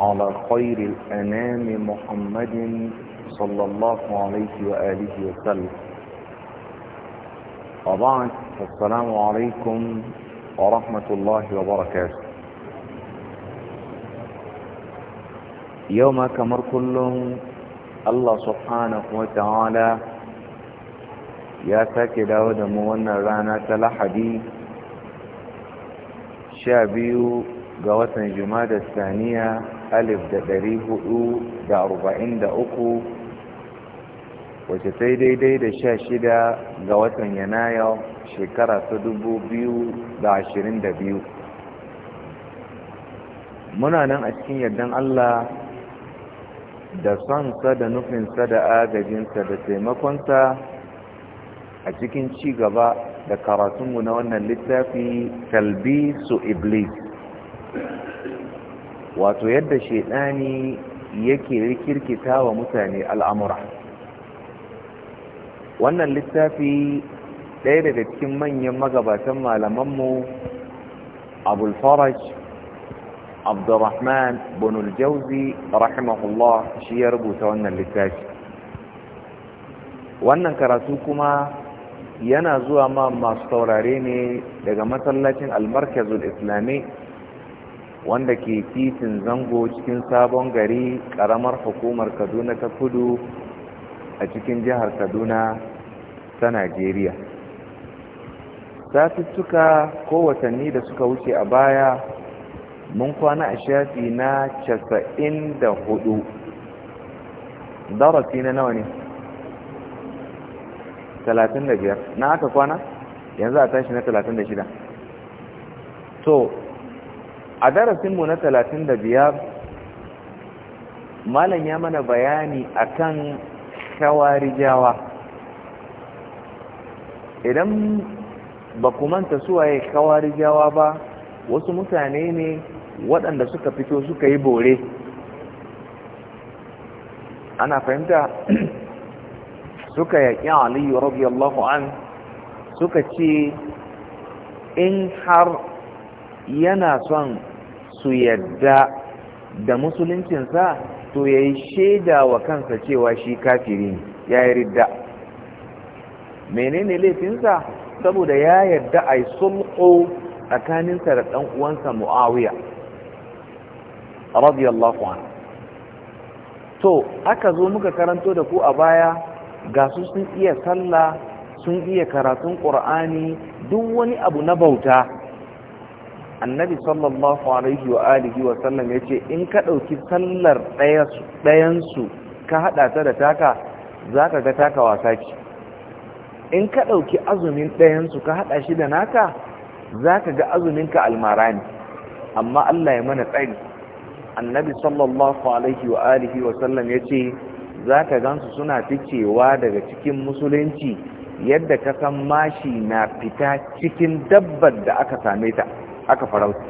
على خير الأنام محمد صلى الله عليه وآله وسلم وبعد السلام عليكم ورحمة الله وبركاته يوم كمر كله الله سبحانه وتعالى يا ساكي داود مونا رانا تلا حديث شابيو lahadi sha الثانية alif da ɗari hudu da arba'in da uku wace sai daidai da sha shida ga watan yanayo shekara ta dubu biyu da ashirin da biyu muna nan a cikin yardan allah da sonsa da nufinsa da agajinsa da taimakonsa a cikin ci gaba da karatunmu na wannan littafi Talbi su iblis wato yadda shaidani yake rikirkita wa mutane al'amura wannan littafi ɗaya daga cikin manyan magabatan malamanmu abulfaraj abdurrahman bunul jauzi rahimahullah shi ya rubuta wannan littafi wannan karatu kuma yana zuwa ma masu taurare ne daga masallacin almarkazul islami wanda ke titin zango cikin sabon gari karamar hukumar kaduna ta kudu a cikin jihar kaduna ta najeriya satuttuka ko watanni da suka wuce a baya mun kwana a shafi na casa'in da hudu darasi na nawa ne talatin da biyar na aka kwana yanzu a tashi na talatin da shida to a darasinmu na talatin da biyar malam ya mana bayani a akan shawarijawa idan ba ku manta suwaye shawarijawa ba wasu mutane ne waɗanda suka fito suka yi bore ana fahimta suka yaƙi aliyu radiyallahu an suka ce in har yana son su yadda da musuluncinsa to ya yi shaida wa kansa cewa shi kafiri ya yi ridda menene laifinsa saboda ya yadda a yi sulko tsakaninsa da ɗan uwansa mu'awiya radiyallahu anhu to aka zo muka karanto da ku a baya ga su sun iya sallah sun iya karatun ƙur'ani duk wani abu na bauta annabi sallallahu alaihi wa alihi wa sallam ya ce, in ka dauki sallar ɗayansu ka hada ta da taka za ka ga taka wasa ce in ka dauki azumin ɗayansu ka hada shi da naka za ka ga azumin ka almara ne amma Allah ya mana tsari annabi sallallahu alaihi wa alihi wa sallam za ka gansu suna ficewa daga cikin musulunci yadda ka san mashi na fita cikin dabbar da aka same ta aka farauta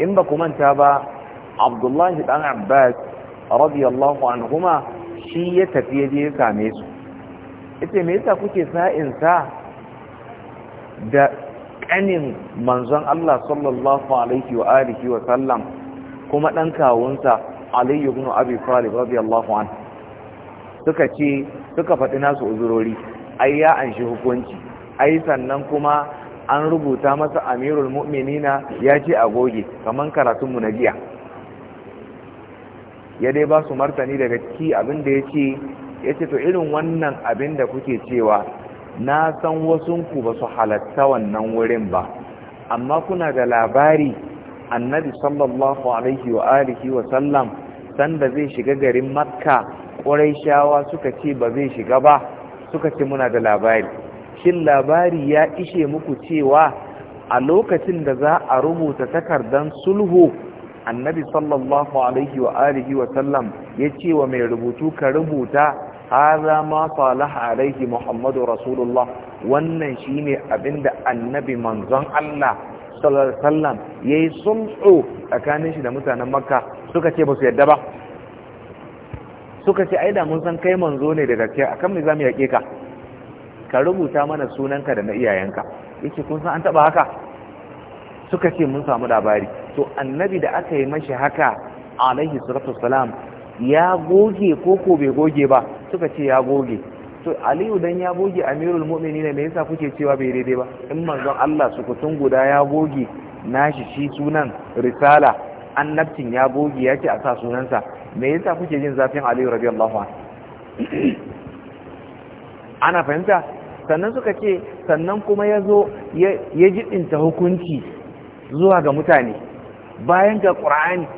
in ba manta ba abdullahi dan abbas radiyallahu anhuma shi ya tafi ya je ya same su ita me yasa kuke sa'insa da kanin manzon Allah sallallahu alaihi wa alihi wa sallam kuma dan kawunsa Ali ibn Abi Talib radiyallahu anhu suka ce suka faɗi nasu uzurori ai ya anshi hukunci ai sannan kuma an rubuta masa amirul mu'minina ya ce a goge kaman karatunmu na jiya ya dai ba su martani daga ciki abin da ya ce ya ce to irin wannan abin da kuke cewa na san wasunku ba su halatta wannan wurin ba amma kuna da labari annabi sallallahu alaihi wa alihi wa sallam sanda zai shiga garin makka ƙwarai shawa suka ce ba zai shiga ba suka ce muna da labari shin labari ya ishe muku cewa a lokacin da za a rubuta takardan sulhu annabi sallallahu alaihi wa alihi wa sallam ya ce wa mai rubutu ka rubuta haza ma salaha alaihi muhammadu rasulullah wannan shine abinda annabi manzon Allah sallallahu alaihi wasallam yayi sulhu tsakanin shi da mutanen makka suka ce ba su yadda ba suka ce ai da mun san kai manzo ne da gaske. akan me zamu yake ka ka rubuta mana sunanka da na iyayenka yake kun san an taba haka suka ce mun samu labari to annabi da aka yi mashi haka alaihi salatu wassalam ya goge ko ko bai goge ba suka ce ya goge to aliyu dan ya goge amirul mu'minin ne yasa kuke cewa bai daidai ba in manzon Allah su kutun guda ya goge nashi shi sunan risala annabcin ya goge yake a sa sunansa me yasa kuke jin zafin aliyu radiyallahu anhu ana fahimta sannan suka ce sannan kuma ya zo ya jiɗinta hukunci zuwa ga mutane bayan ga ƙura'ani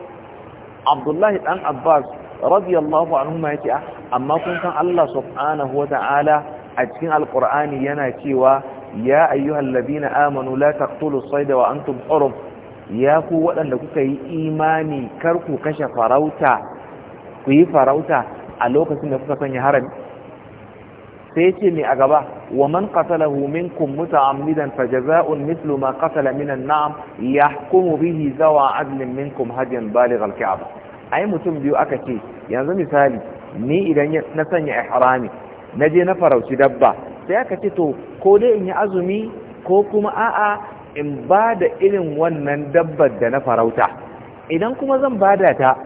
abdullahi ɗan abbas radiyallahu anhu ma yake ah, amma kun san Allah subhanahu wa ta'ala a cikin alƙur'ani yana cewa ya ayyuhal ladina amanu la taqtulu sayda wa antum hurum ya ku waɗanda kuka yi imani kar ku kashe farauta ku yi farauta a lokacin da kuka sanya harami sai yace ne a gaba wa man qatalahu minkum muta'ammidan fajaza'un mithlu ma qatala min an-na'am yahkumu bihi zawa adlin minkum hadiyan baligh al-ka'b ai mutum biyu aka ce yanzu misali ni idan na sanya ihrami na je na farauci dabba sai aka ce to ko dai in yi azumi ko kuma a'a in ba da irin wannan dabbar da na farauta idan kuma zan bada ta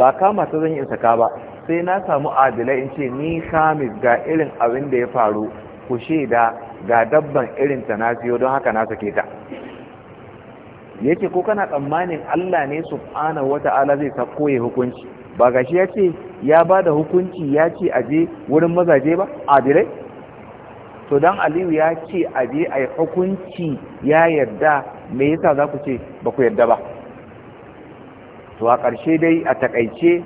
ba kama ta zan yi in saka ba sai na samu adilai in ce ni khamis ga irin abin da ya faru ku shaida ga dabban irin ta na siyo don haka na sake ta yake ko kana tsammanin Allah ne wata wata'ala zai sako ya hukunci ba ga shi ya ce ya ba da hukunci ya ce a je wurin mazaje ba adilai to don aliyu ya ce je a yi hukunci ya yarda me yasa za ku ce ba ku yarda ba to a ƙarshe dai a takaice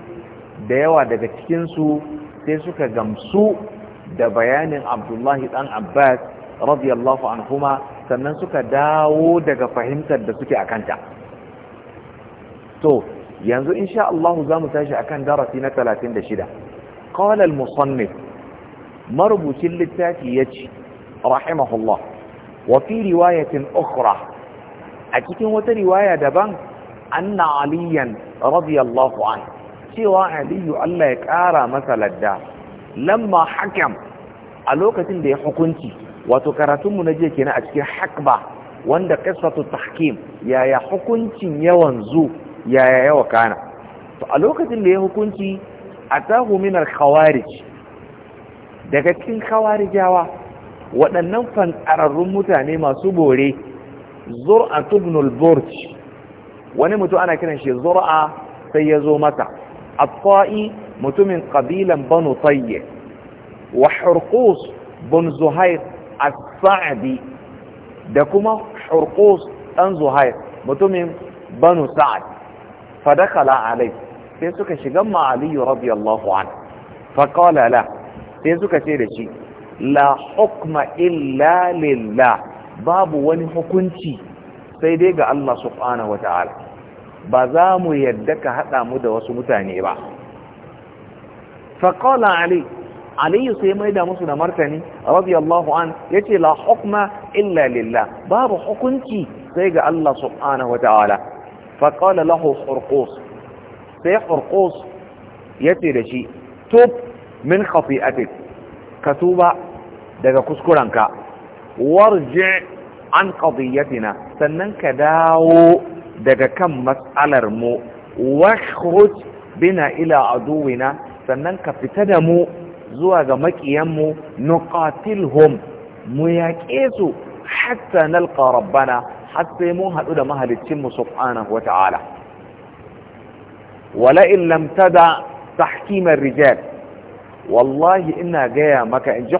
da yawa daga cikinsu sai suka gamsu da bayanin abdullahi ɗan abbas radiyallahu anhuma sannan suka dawo daga fahimtar da suke a to yanzu inshaAllahu Allah za mu tashi akan darasi na 36 shida. al-musannif marubucin littafi ya yace rahimahullah wa fi riwayatin ukhra a cikin wata riwaya daban anna aliyan radiyallahu anhu cewa aliyu Allah ya ƙara masa ladda lamma hakam a lokacin da ya hukunci wato karatunmu na jiya kenan a cikin hakba wanda qissatu tahkim yaya hukuncin yawan zu yaya yawa kana to a lokacin da ya hukunci a min minar khawarij daga cikin khawarijawa waɗannan fantsararrun mutane masu bore zur'a ibn al-burj wani mutum ana kiran shi zur'a sai ya zo mata الطائي متمن قبيلا بنو طي وحرقوس بن زهير السعدي دكما حرقوس أن زهير متمن بنو سعد فدخل عليه فيسك شجمع علي رضي الله عنه فقال لا فيسك شيء لا حكم إلا لله باب ونحكمتي سيديك الله سبحانه وتعالى ba za mu yadda ka haɗa mu da wasu mutane ba faƙola ali aliyu sai mai da musu da martani radiyallahu an ya ce la hukma illa lillah babu hukunci sai ga Allah subhanahu wa ta'ala faƙola lahu hurkus sai hurkus ya ce da shi tub min khafi'atik ka tuba daga kuskurenka warje an qadiyatina sannan ka dawo daga kan matsalar mu wakhruj bina ila aduwina sannan ka fita da mu zuwa ga makiyanmu nuqatilhum mu yaƙe su hatta nalqa rabbana har sai mun haɗu da mahaliccinmu subhanahu wata'ala wala in lam tada tahkimar rijal wallahi ina gaya maka in ji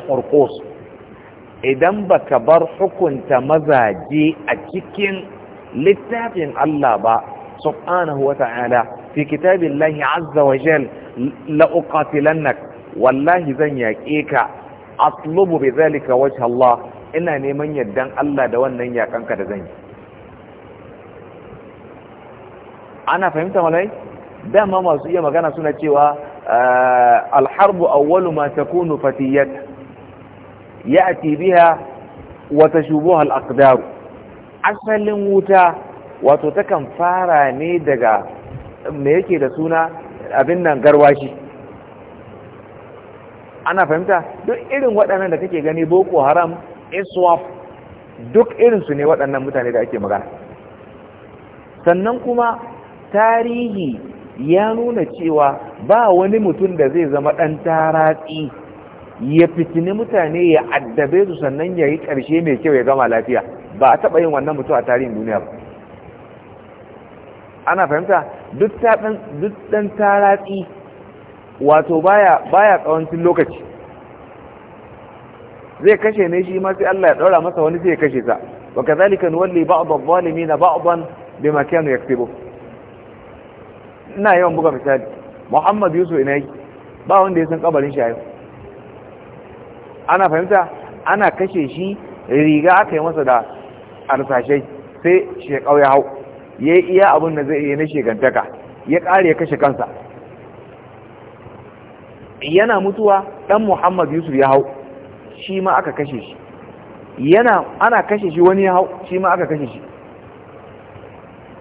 idan baka bar hukunta mazaje a cikin littafin Allah ba subhanahu wa ta'ala fi kitabillahi azza wa jal la wallahi zan yaƙe ka aslubu bi zalika wajha Allah ina neman yardan Allah da wannan yaƙanka da zan yi ana fahimta malai dama masu iya magana suna cewa alharbu awwalu ma takunu fatiyat ya'ti biha wa tashubuha al-aqdar asalin wuta wato takan fara ne daga me yake da suna abin nan garwashi ana fahimta duk irin waɗannan da kake gani boko haram iswaf duk irinsu ne waɗannan mutane da ake magana sannan kuma tarihi ya nuna cewa ba wani mutum da zai zama ɗan taratsi ya fitini mutane ya addabe su sannan ya yi ƙarshe mai kyau ya gama lafiya ba a taɓa yin wannan mutu a tarihin duniya ba ana fahimta duk ɗan taratsi wato baya baya lokaci zai kashe ne shi masu Allah ya ɗaura masa wani zai kashe sa wa kazalika nuwalli ba'd adh-dhalimin ba'dan bima ya yaktubu ina yawan buga misali Muhammad Yusuf ina yi ba wanda ya san kabarin shi yau ana fahimta ana kashe shi riga aka yi masa da arsashai sai shekau ya hau ya yi iya abin da zai iya na shekantaka, ya ƙare ya kashe kansa yana mutuwa ɗan muhammad yusuf ya hau shi ma aka kashe shi yana ana kashe shi wani ya hau shi ma aka kashe shi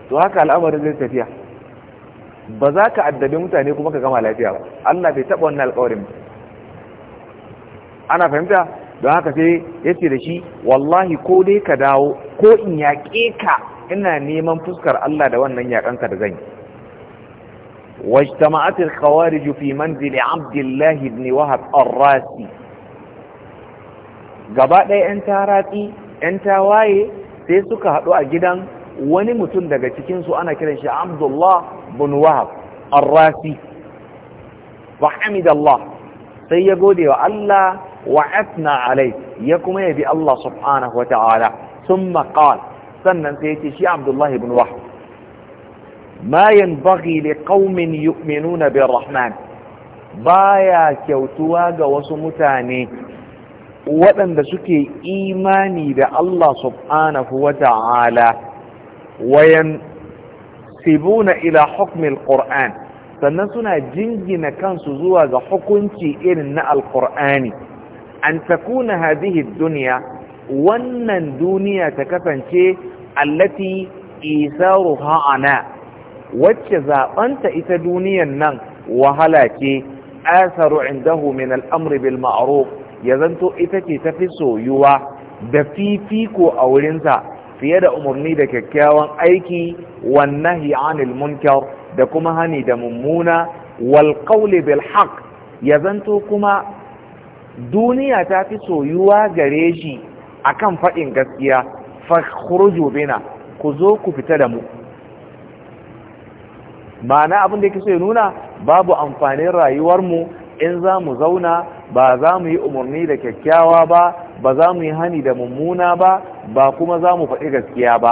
to haka al'amarin zai tafiya ba za ka addabi mutane kuma ka gama lafiya ba Allah bai taɓa wannan alƙawarin ana fahimta don haka sai ya ce da shi wallahi ko dai ka dawo ko in yaƙe ka ina neman fuskar Allah da wannan yaƙanka da zan yi واجتمعت الخوارج في منزل عبد الله بن وهب الراسي gaba ɗaya 'yan taratsi 'yan tawaye sai suka haɗu a gidan wani mutum daga cikinsu ana kiran shi abdullah bin wahab arrasi wa hamidallah sai ya gode wa Allah وعثنا عليه يكمي بالله سبحانه وتعالى ثم قال سنن سيتي شي عبد الله بن وحد ما ينبغي لقوم يؤمنون بالرحمن بايا كوتوا وصمتاني وأن بسكي إيماني بالله سبحانه وتعالى وينسبون إلى حكم القرآن فالنسونا جنجنا كان سزوا حكمتي إلنا القرآني an takuna hadhihi duniya wannan duniya ta kasance allati isaruha ana wacce zaɓanta ita duniyan nan wahala ce asaru indahu min al'amri bil ma'ruf ya zanto ita ce tafi soyuwa da fifiko a wurinsa fiye da umarni da kyakkyawan aiki wannahi anil munkar da kuma hani da mummuna wal bil haq ya zanto kuma duniya ta fi soyuwa gare shi a kan faɗin gaskiya fakhruju bina ku zo ku fita da mu ma'ana abin da ya so nuna babu amfanin rayuwar mu in za mu zauna ba za mu yi umarni da kyakkyawa ba ba za mu yi hani da mummuna ba ba kuma za mu faɗi gaskiya ba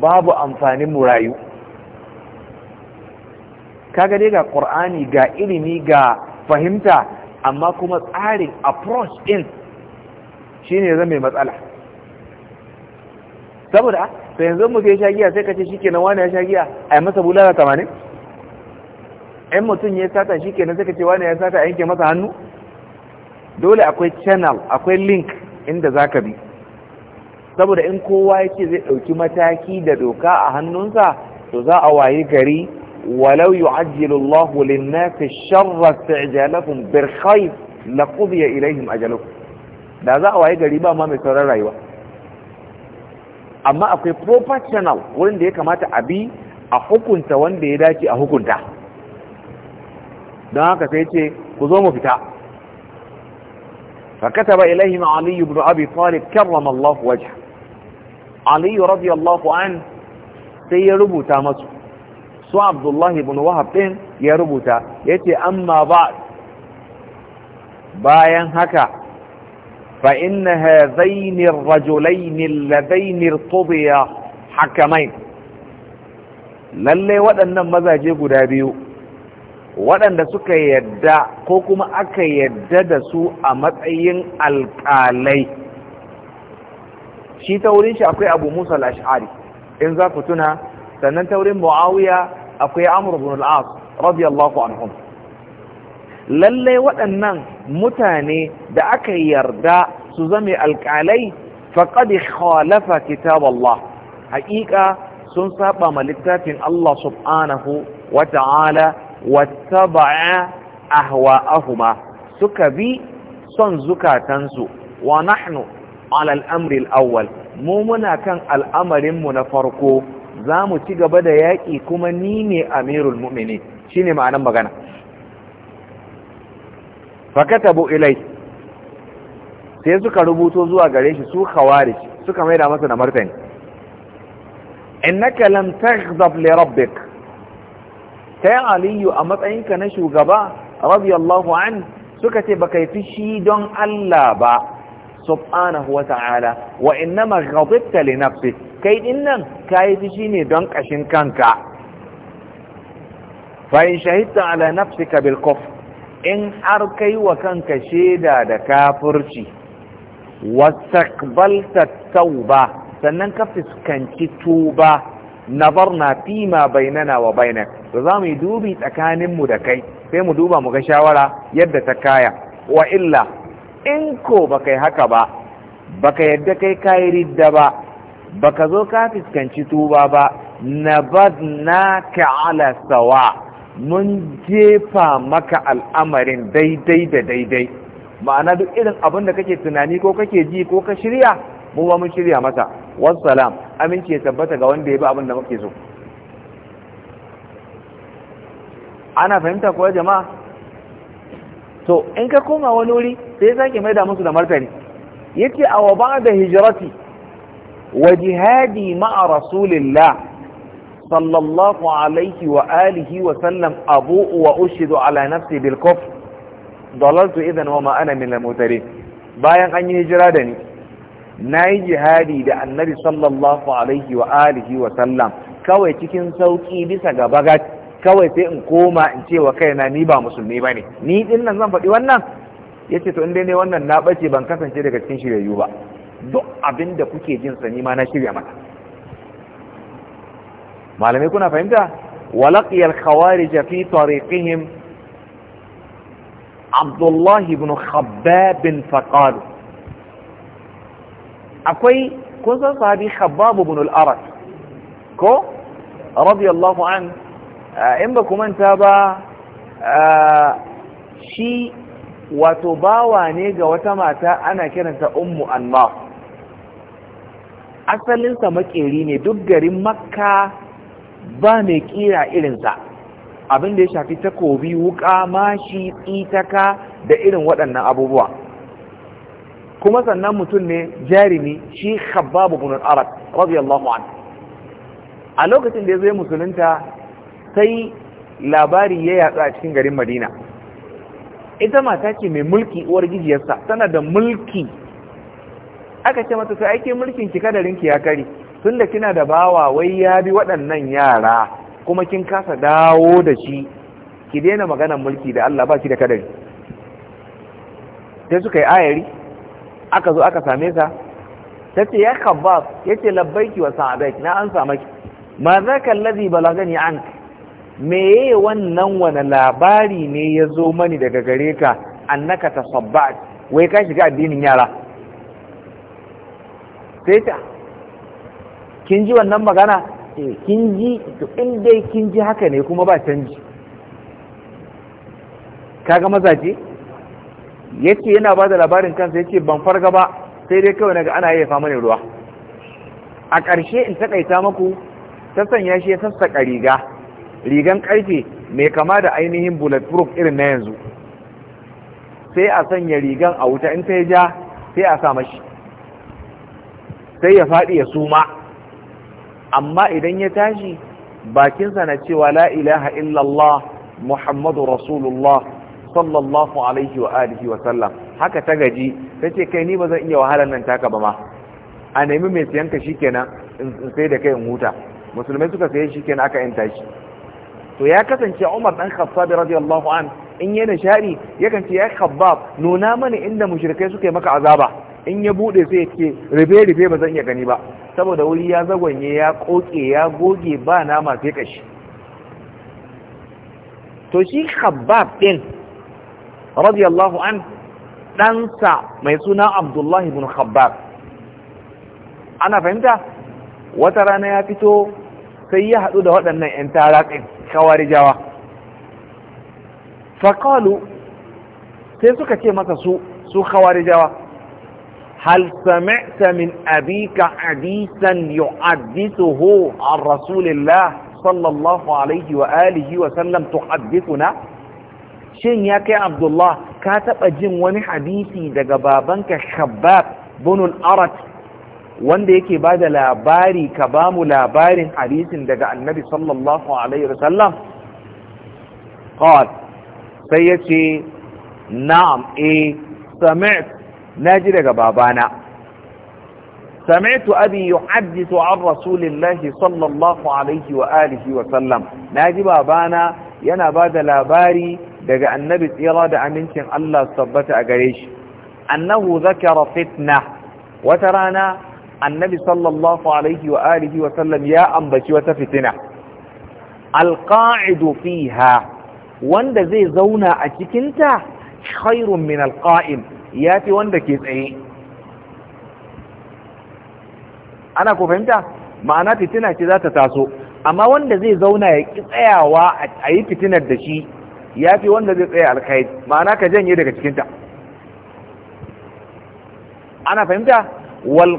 babu amfanin mu rayu kaga dai ga ƙur'ani ga ilimi ga fahimta amma kuma tsarin approach din ne zama mai matsala saboda sai yanzu mu ya shagiya sai ka ce kenan wani ya shagiya a yi masa bulala tamanin yan mutum ya sata shi kenan sai ka ce wani ya sata a yanke masa hannu dole akwai channel akwai link inda za ka bi saboda in kowa ya ce zai ɗauki mataki da doka a hannunsa to za a waye gari ولو يعجل الله للناس الشر استعجالهم بالخير لقضي إليهم أجلهم da za a waye gari ba ma mai sauran rayuwa amma akwai proper channel wurin da ya kamata a bi a hukunta wanda ya dace a hukunta don haka sai ce ku zo mu fita فكتب إليهم علي بن أبي طالب كرم الله وجهه علي رضي الله عنه sai ya rubuta masu su abdullahi bin wahab ɗin ya rubuta ya ce amma ba bayan haka fa inna hadhaini ar-rajulain alladaini irtudiya mai? lalle waɗannan mazaje guda biyu waɗanda suka yadda ko kuma aka yadda da su a matsayin alƙalai shi ta wurin shi akwai abu musa al'ash'ari in za ku tuna sannan ta wurin akwai amur bin al'as radiyallahu anhum lallai waɗannan mutane da aka yarda su zame alƙalai faƙad khalafa kitab Allah haƙiƙa sun saba ma littafin Allah subhanahu wa ta'ala wattaba'a ahuma, suka bi son zukatansu wa nahnu ala al awwal mu muna kan al'amarin mu na farko za mu ci gaba da yaƙi kuma ni ne amirul mu'mini shi ne ma'anan magana fakata bu ilai sai suka rubuto zuwa gare shi su khawarij suka maida masa da martani innaka lam taghdab li rabbik kai aliyu a matsayinka na shugaba radiyallahu an suka ce baka yi fishi don Allah ba subhanahu wa ta'ala wa innama ghadabta li nafsika kai din nan ka yi fushi ne don ƙashin kanka fa'in shahidta ala nafsika bil in har kai wa kanka shaida da kafurci wasakbalta tauba sannan ka fuskanci tuba na fima bainana wa bainak da za mu yi dubi tsakaninmu da kai sai mu duba mu ga shawara yadda ta kaya wa illa in ko ba kai haka ba baka yadda kai kayi ridda ba baka zo ka fuskanci tuba ba ka ala sawa mun jefa maka al'amarin daidai da daidai ma'ana duk irin abin da kake tunani ko kake ji ko ka shirya mu ba mun shirya masa wassalam aminci ya tabbata ga wanda ya bi abin da muke so ana fahimta kuwa jama'a to in ka koma wani wuri sai ya sake maida musu da martani yake a wa ba da hijirati وجهادي مع رسول الله صلى الله عليه وآله وسلم أبوء وأشهد على نفسي بالكفر ضللت إذن وما أنا من المهتدين bayan an yi hijira da ni na yi jihadi da annabi sallallahu alaihi wa alihi wa sallam kawai cikin sauƙi bisa ga bagat kawai sai in koma in ce wa kaina ni ba musulmi ba ne ni din nan zan faɗi wannan ya ce to in dai ne wannan na ɓace ban kasance daga cikin shiryayyu ba duk abin da kuke jin sa ma na shirya mata malamai kuna fahimta walaqiyal khawarij fi tariqihim Abdullah ibn Khabbab faqal akwai kusan sahabi Khabbab ibn al Ko. ko radiyallahu an eh, in ba ku manta ba eh, shi wato bawa ne ga wata mata ana kiranta ummu anmar asalinsa makeri ne duk garin makka ba mai kira irinsa abin da ya shafi takobi wuka mashi tsitaka da irin waɗannan abubuwa kuma sannan mutum ne jarimi shi khabbab ibn al-arab radiyallahu anhu a lokacin da ya zai musulunta sai labari ya yatsa a cikin garin madina ita mata ce mai mulki uwar gijiyarsa tana da mulki aka ce mata to aikin mulkin ki kadarin ki ya kare tunda kina da bawa wai ya bi waɗannan yara kuma kin kasa dawo da shi ki daina maganar mulki da Allah ba shi da kadari sai suka yi ayari aka zo aka same sa ta ce ya kabba ya ce labbaiki wa sa'adai na an same ki ma za ka lazi balagani an meye wannan wane labari ne ya zo mani daga gare ka annaka ta wai ka shiga addinin yara sai ta kin ji wannan magana eh kin ji to in dai kin ji haka ne kuma ba canji Ka ga mazaje yace yana ba da labarin kansa yace ban farga ba sai dai kawai naga ana yayyafa mani ruwa a ƙarshe in taƙaita muku ta sanya shi ya sassaƙa riga rigan ƙarfe mai kama da ainihin bulletproof irin na yanzu sai a sanya rigan a wuta in ta ja sai a sa mashi sai ya faɗi ya suma amma idan ya tashi bakinsa na cewa la ilaha illallah muhammadu rasulullah sallallahu alaihi wa alihi wa sallam haka ta gaji ta ce kai ni ba zan iya wahalar nan taka ba ma a nemi mai siyan ka shikenan in sai da kai in huta musulmai suka saye shikenan aka yin tashi to ya kasance Umar dan Khattab radiyallahu an in yana shari yakan ce ya Khabbab nuna mana inda mushrikai suka yi maka azaba in ya bude sai ya ce rufe rufe ba zan iya gani ba saboda wuri ya zagonye ya koke ya goge ba nama sai kashi to shi khabbab din radiyallahu an ɗansa mai suna abdullahi bin khabbab ana fahimta wata rana ya fito sai ya haɗu da waɗannan 'yan taraƙin kawarijawa faƙalu sai suka ce masa su su kawarijawa هل سمعت من أبيك حديثا يحدثه عن رسول الله صلى الله عليه وآله وسلم تحدثنا shin ya kai abdullah ka taɓa jin wani hadisi daga babanka shabab bunul arat wanda yake ba da labari ka bamu labarin hadisin daga annabi sallallahu alaihi wasallam qal sai yace na'am eh sami'tu na ji daga babana sami'tu abi yuhaddithu an rasulillahi sallallahu alaihi wa alihi wa sallam na ji babana yana ba da labari daga annabi tsira da amincin Allah tabbata a gare shi annahu zakara fitna wata rana annabi sallallahu alaihi wa alihi wa sallam ya ambaci wata fitina alƙa'idu fiha wanda zai zauna a cikinta khairun min alqa'im ya fi wanda ke tsaye ana ko fahimta ma'ana fitina ce za ta taso amma wanda zai zauna ya ƙi tsayawa a yi fitinar da shi ya fi wanda zai tsaye alkhair, ma'ana ka janye daga cikinta ana fahimta wal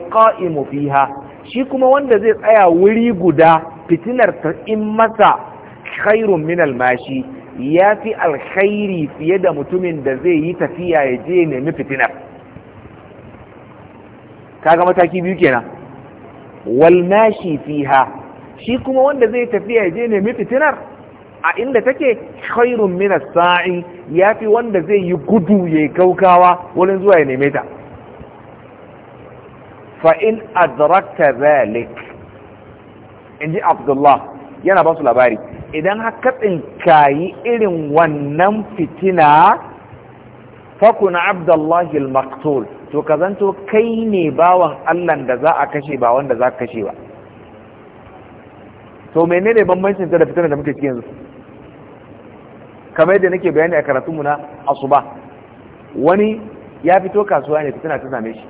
fiha shi kuma wanda zai tsaya wuri guda fitinar ta in masa khairun min almashi ya fi alkhairi fiye da mutumin da zai yi tafiya ya je nemi fitinar kaga mataki biyu kenan wal mashi fiha shi kuma wanda zai tafiya ya je nemi fitinar a inda take khairun min as-sa'i yafi wanda zai yi gudu ya kaukawa wurin zuwa ya neme ta fa in adrakta zalik inji abdullah yana ba su labari idan haka tsinkayi irin wannan fitina fakuna abdullahi al-maktul to ka zanto kai ne bawan Allah da za a kashe ba wanda za ka kashe ba to menene bambancin da fitina da muke cikin yanzu kamar yadda nake bayani a karatunmu na asuba wani ya fito kasuwa ne fitina ta same shi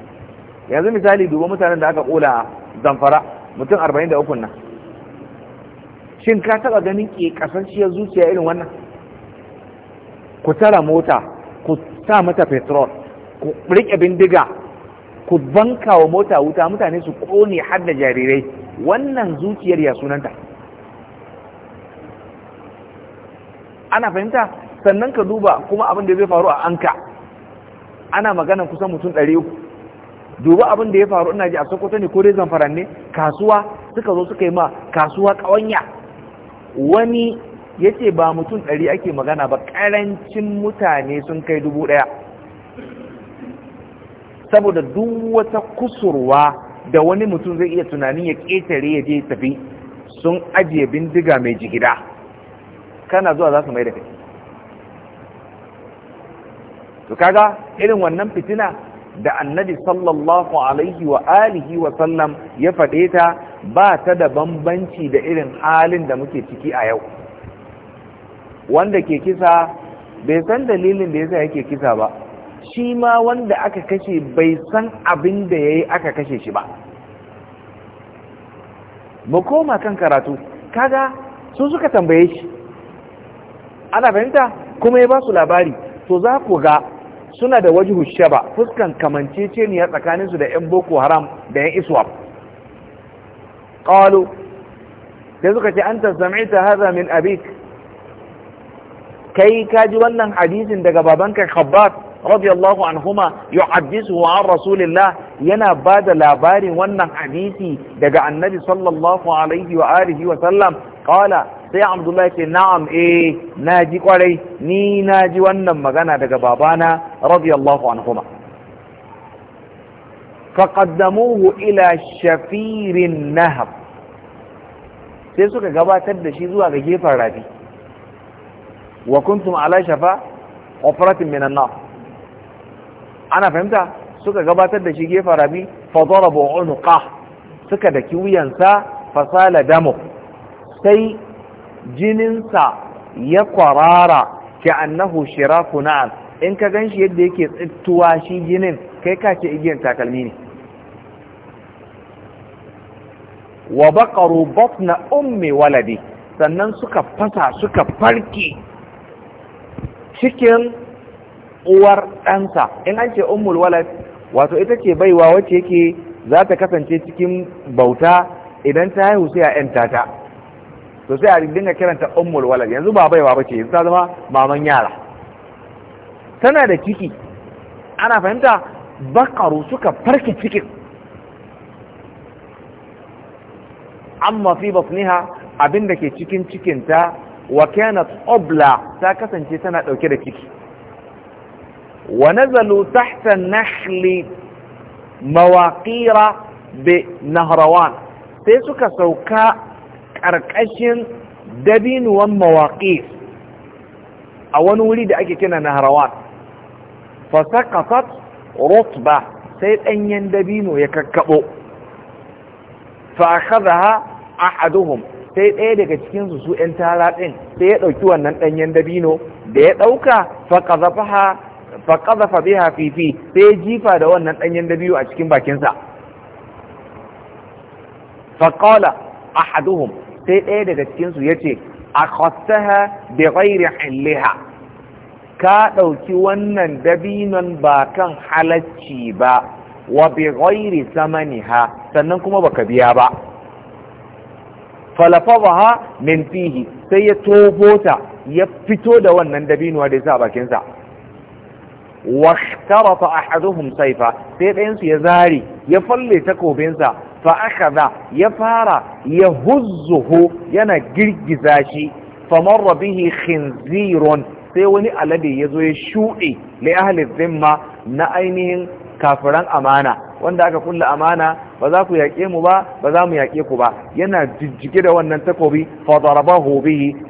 yanzu misali duba mutanen da aka kola zamfara mutum 43 nan shin ka taɓa ganin ke kasasshiyar zuciya irin wannan ku tara mota ku sa mata petrol ku rike bindiga ku banka wa mota wuta mutane su ƙone har da jarirai wannan zuciyar ya sunanta ana fahimta sannan ka duba kuma abin da zai faru a anka ana magana kusan mutum ɗari uku duba abin da ya faru ina ji a sokoto ne ko dai zamfara ne kasuwa suka zo suka yi ma kasuwa ƙawanya wani ya ce ba mutum ɗari ake magana ba ƙarancin mutane sun kai dubu ɗaya saboda duk wata kusurwa da wani mutum zai iya tunanin ya ƙetare ya je tafi sun ajiye bindiga mai jigida kana zuwa za su mai da kai to kaga irin wannan fitina da annabi sallallahu alaihi wa alihi wa sallam ya faɗe ta ba ta da bambanci da irin halin da muke ciki a yau wanda ke kisa bai san dalilin da yasa yake kisa ba shi ma wanda aka kashe bai san abin da yayi aka kashe shi ba mu koma kan karatu kaga su suka tambaye shi ana fahimta kuma ya ba su labari to za ku ga suna da wajihu shaba fuskan kamanceceniya tsakaninsu da 'yan boko haram da 'yan iswap qalu sai suka ce anta sami'ta hadha abik kai ka ji wannan hadisin daga babanka khabbab radiyallahu anhuma yuhaddithu an rasulillah yana bada labarin wannan hadisi daga annabi sallallahu alaihi wa alihi wa sallam qala sai abdullahi ce na'am eh naji kwarai ni na ji wannan magana daga babana radiyallahu anhuma faƙaddamuhu ila shafirin nahab sai suka gabatar da shi zuwa ga gefen rafi wa kuntum ala shafa ƙofaratin ana fahimta suka gabatar da shi gefen rafi fadarabu unuqa suka daki wuyansa fasala damu sai jininsa ya kwarara ki annahu shiraku na'am in ka ganshi yadda yake tsittuwa shi jinin kai ka ce igiyan takalmi ne wa baqaru batna ummi waladi sannan suka fasa suka farki cikin uwar ɗansa in an ce ummul walad wato ita ce baiwa wacce yake za ta kasance cikin bauta idan ta haihu sai a yanta ta to sai a dinga kiranta ummul walad yanzu ba baiwa ce, yanzu ta zama maman yara tana da ciki ana fahimta bakaru suka farki cikin amma fi batniha abinda ke cikin cikinta wa kanat obla ta kasance tana dauke da ciki wa nazalu tahta nahli mawaqira bi nahrawan sai suka sauka karkashin dabinuwan mawaqir a wani wuri da ake kina nahrawan fa saqatat rutba sai ɗanyen dabino ya kakkaɓo fa'akazaha ahaduhum sai ɗaya daga cikinsu su ‘yan tara ɗin sai ya ɗauki wannan ɗanyen dabino da ya ɗauka faƙazafa biha fifi sai ya jifa da wannan ɗanyen dabino a cikin bakinsa faƙala ahaduhum sai ɗaya daga cikinsu ya ce a kwastaha da ƙwairi halliha Ta ɗauki wannan dabinon ba kan halacci ba wa bi ghairi samani ha sannan kuma ba ka biya ba falafawa ha min fihi sai ya tobo ya fito da wannan dabinuwa da ya sa bakinsa wa ƙarafa a haduhun saifa sai ɗayensu ya zari ya falle takobinsa fa aka za ya fara ya huzzuhu yana girgiza shi famar rabihi khinziron sai wani alade ya zo ya shuɗe na ahalin zimma na ainihin kafiran amana wanda aka kulla amana ba za ku yaƙe mu ba ba za mu yaƙe ku ba yana jijjige da wannan takobi fadaraba darabahu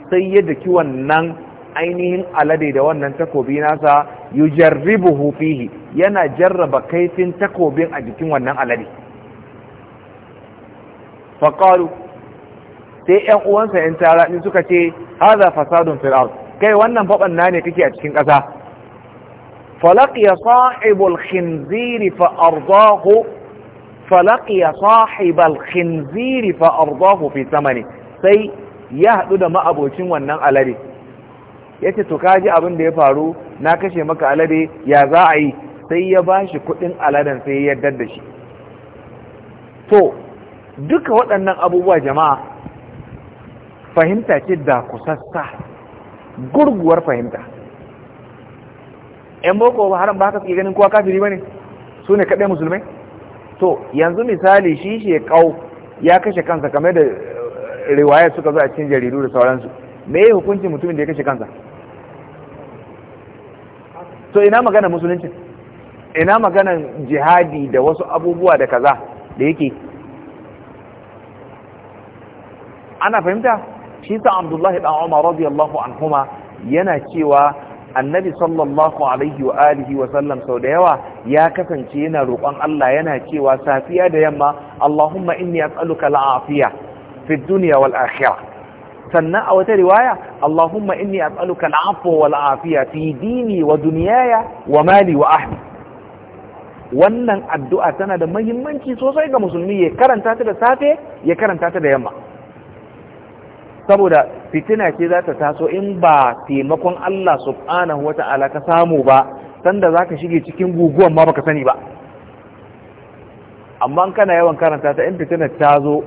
sai ya daki wannan ainihin alade da wannan takobi nasa yujarribuhu fihi yana jarraba kaifin takobin a jikin wannan alade faƙaru sai 'yan uwansa ƴan tara suka ce haza fasadun fil kai wannan faɓanna ne kake a cikin ƙasa falaƙiya sahibul khinziri fa arzahu falaƙiya sahibul khinziri fa fi samani sai ya haɗu da ma'abocin wannan alade Yace ce to kaji abin da ya faru na kashe maka alade ya za a yi sai ya ba shi kuɗin aladen sai ya yarda da shi to duka waɗannan abubuwa jama'a fahimta ce da kusassa gurguwar fahimta ‘yan boko ba haram ba haka suke ganin kowa kafiri ba ne su ne kaɗai musulmai to yanzu misali shi kau ya kashe kansa kamar da eh, riwayar suka zo a cikin jaridu da sauransu me ya hukuncin mutumin da ya kashe kansa to ina magana musulunci ina magana jihadi da wasu abubuwa da kaza da yake ana fahimta shi sa abdullahi dan umar radiyallahu anhuma yana cewa annabi sallallahu alaihi wa alihi wa sallam sau da yawa ya kasance yana roƙon Allah yana cewa safiya da yamma Allahumma inni as'aluka al'afiya fi dunya wal akhirah sannan a wata riwaya Allahumma inni as'aluka al'afwa wal afiya fi dini wa dunyaya wa mali wa ahli wannan addu'a tana da muhimmanci sosai ga musulmi ya karanta ta da safe ya karanta ta da yamma saboda fitina ce za ta taso in ba taimakon Allah subhanahu wata'ala ka samu ba sanda za ka shige cikin guguwan ma baka sani ba amma kana yawan karanta ta in fitina ta zo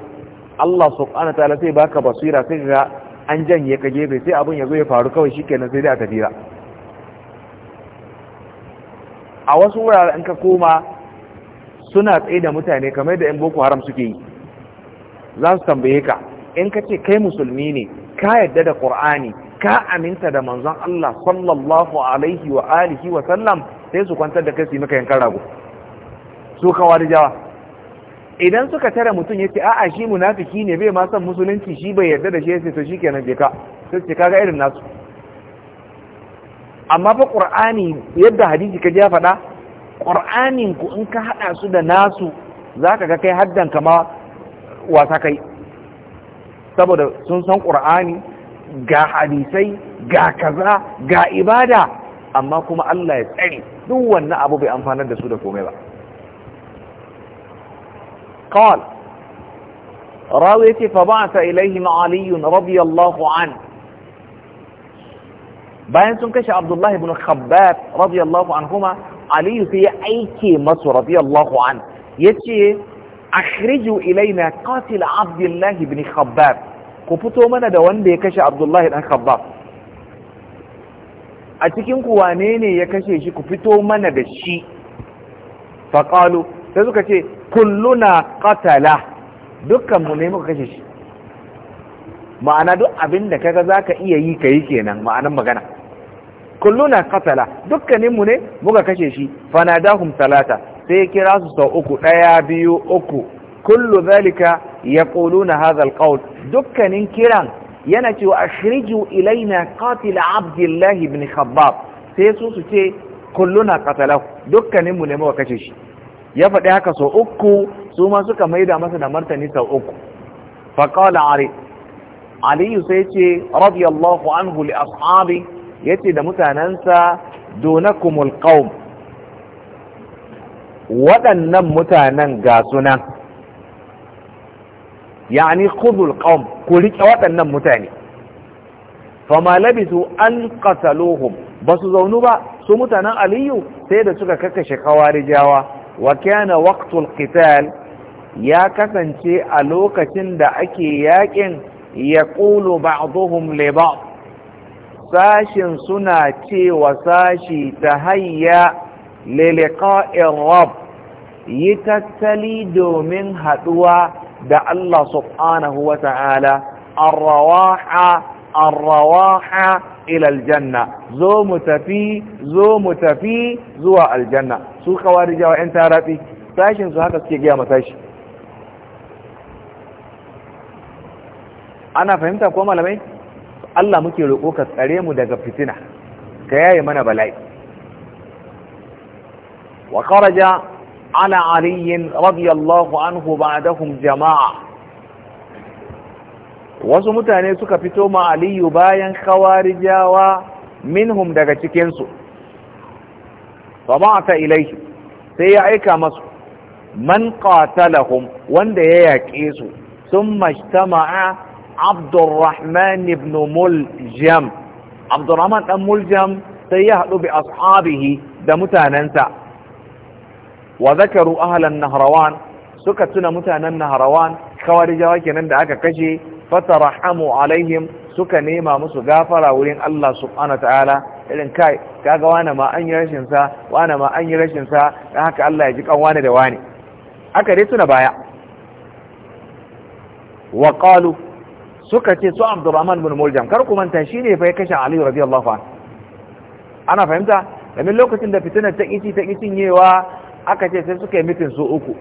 Allah subhanahu wata'ala sai baka basira sai ga an janye ka gefe sai abin ya zo ya faru kawai shikenan sai dai a tafira a wasu wurare wuraren ka koma suna tsaye da mutane kamar da 'yan boko haram suke yi za su tambaye ka in ka ce kai musulmi ne ka yadda da ƙur'ani ka aminta da manzon Allah sallallahu alaihi wa alihi wa sallam sai su kwantar da kai su maka yankan rago su kawar jawa idan suka tare mutum ya ce a'a shi munafiki ne bai ma san musulunci shi bai yarda da shi sai to shikenan je ka sai ce kaga irin nasu amma fa qur'ani yadda hadisi ka ja faɗa qur'anin ku in ka hada su da nasu zaka ga kai haddan kama wasa kai saboda sun san ƙur'ani ga hadisai ga kaza ga ibada amma kuma Allah ya tsare duk wannan abu bai amfanar da su da komai ba قال راوية فبعث إليهم علي رضي الله an. bayan sun kashe abdullahi ibn khabbab radiyallahu kuma aliyu sai ya aike masu radiyallahu an yace akhriju ilaina qatil abdullahi ibn khabbab ku fito mana da wanda ya kashe abdullahi ibn khabbab a cikin ku wane ne ya kashe shi ku fito mana da shi qalu sai suka ce kulluna qatala dukkan mu ne muka kashe shi ma'ana duk abin da kaga zaka iya yi kai kenan ma'anan magana kulluna qatala dukkanin mu ne muka kashe shi fanadahum salata sai kira su sau uku ɗaya biyu uku kullu zalika ya na hazal ƙaun dukkanin kiran yana cewa ashriju ilaina katila abdullahi ibn khabbab sai su su ce kulluna qatalahu dukkaninmu ne muka kashe shi ya faɗi haka sau uku su ma suka maida masa da martani sau uku faƙala ari aliyu sai ce radiyallahu anhu li ashabi yace da mutanensa donakumul qaum waɗannan mutanen ga sunan yani khudul qawm ku riƙe waɗannan mutane fama labisu an ba basu zaunu ba su mutanen aliyu sai da suka kakkashe kawarijawa wa kana waktul qital ya kasance a lokacin da ake yaƙin ya ƙulu li ba'd sashin suna cewa sashi ta hayya liliqa'ir rabb yi tattali domin haduwa da Allah subhanahu wa ta'ala arrawaha arrawaha ila janna zo mu tafi zo mu tafi zuwa aljanna su kawarija wa'in tarafi sashin su haka suke gaya matashi ana fahimta ko malamai Allah muke roƙo ka tsare mu daga fitina ka yaye mana bala'i وخرج على علي رضي الله عنه بعدهم jama'a. wasu mutane suka fito ma aliyu bayan kawarijawa minhum daga cikinsu ta ilaihi sai ya aika masu man qatalahum wanda ya yaƙe su sun mashtama'a abdurrahman ibn muljam abdurrahman dan muljam sai ya haɗu bi ashabihi da mutanensa wa zakaru ahlan nahrawan suka tuna mutanen nahrawan kawarijawa kenan da aka kashe fatarahamu alaihim suka nema musu gafara wurin Allah subhanahu ta'ala irin kai kaga wani ma an yi rashin sa wani ma an yi rashin sa dan haka Allah ya ji kan wani da wani aka dai tuna baya wa qalu suka ce su Abdurrahman bin Muljam kar ku manta shine fa ya kashe Ali radiyallahu anhu ana fahimta domin lokacin da fitinar ta kici ta kicin yewa aka ce sai suka yi mitin su uku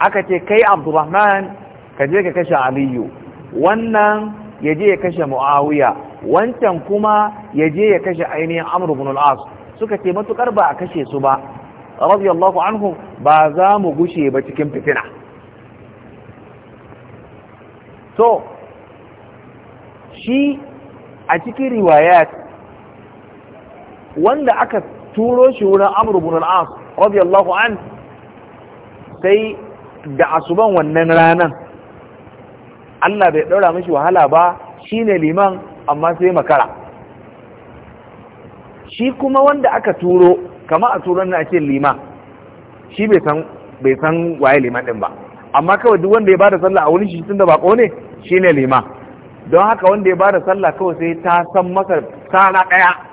aka ce kai abdurrahman ka je ka kashe aliyu wannan ya je ya kashe mu'awiya wancan kuma ya je ya kashe ainihin amr ibn al suka ce matukar ba a kashe su ba radiyallahu anhu ba za mu gushe ba cikin fitina to shi a cikin riwayat wanda aka turo shi wurin amr ibn al radiyallahu an sai da asuban wannan ranan Allah bai ɗaura mashi wahala ba shine liman amma sai makara shi kuma wanda aka turo kama a turon na ake lima shi bai san waye liman ɗin ba amma kawai duk wanda ya bada sallah a wurin shi da bako ne ne lima don haka wanda ya bada sallah kawai sai ta san masa sana ɗaya.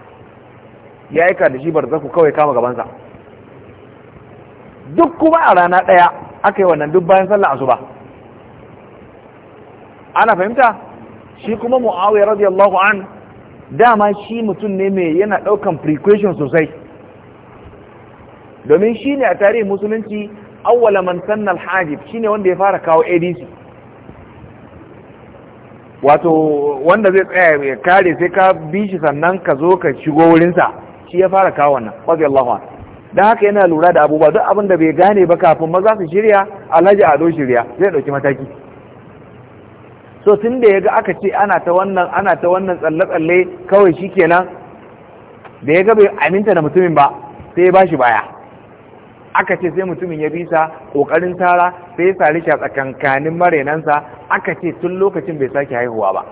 ya yi da shi barzaku kawai kama gabansa duk kuma a rana ɗaya aka yi wannan duk bayan sallah asuba ana fahimta shi kuma mu'awiyar radiyallahu an dama shi mutum ne mai yana ɗaukan frequation sosai domin shi ne a tarihin musulunci awwala man sanna al-hajib shine wanda ya fara kawo ADC wato wanda zai tsaya ya kare sai ka bi shi sannan ka zo ka shigo wurinsa shi ya fara kawo wannan radiyallahu anhu dan haka yana lura da abubuwa duk abin da bai gane ba kafin maza su shirya alhaji ado shirya zai dauki mataki so tun da ya ga aka ce ana ta wannan ana ta wannan tsalle-tsalle kawai shi kenan da ya ga bai aminta da mutumin ba sai ya ba baya aka ce sai mutumin ya bisa kokarin tara sai ya sari shi a tsakankanin marainansa aka ce tun lokacin bai sake haihuwa ba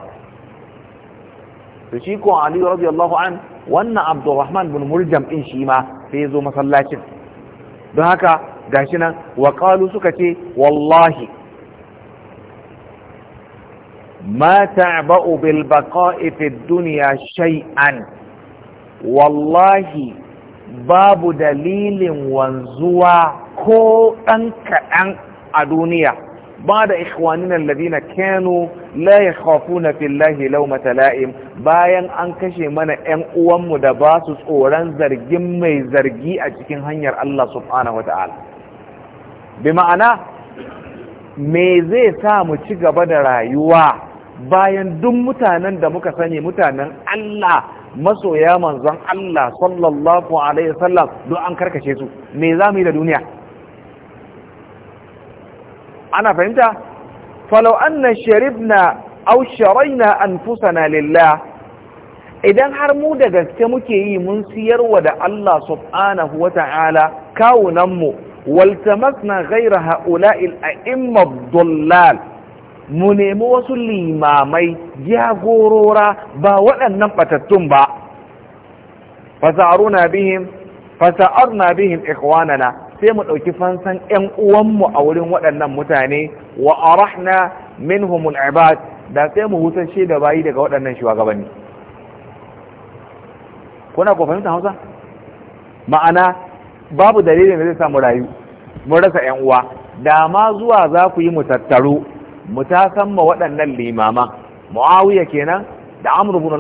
to shi ko ali radiyallahu an wannan abdurrahman bin muljam din shi ma sai ya zo masallacin don haka gashi nan Wakalu suka ce wallahi ma ta'ba'u bil baqa'i fi dunya shay'an wallahi babu dalilin wanzuwa ko ɗan kaɗan a duniya بعد إخواننا الذين كانوا لا يخافون في الله لومة لائم bayan an kashe mana ƴan uwanmu da ba su tsoron zargin mai zargi a cikin hanyar Allah subhanahu wata'ala bi ma'ana me zai sa mu ci gaba da rayuwa bayan duk mutanen da muka sani mutanen Allah masoya manzon Allah sallallahu alaihi wasallam don an karkace su me za mu yi da duniya ana fahimta falau anna sharibna aw sharaina anfusana lillah idan har mu da gaske muke yi mun siyarwa da Allah subhanahu wata'ala kawunan mu waltamasna ghayra ha'ula'il a'imma dullal mu nemi wasu limamai jagorora ba waɗannan batattun ba fasa'aruna bihim fasa'arna bihim ikhwanana sai mu ɗauki fansan 'yan uwanmu a wurin waɗannan mutane wa min minhumul ibad da sai mu hutashe da bayi daga waɗannan shugabanni kuna ku fahimta Hausa ma'ana babu dalilin da zai samu rayu Mu rasa 'yan uwa da ma zuwa za ku yi mu tattaru mu ma waɗannan limama muawiya kenan da amru ibn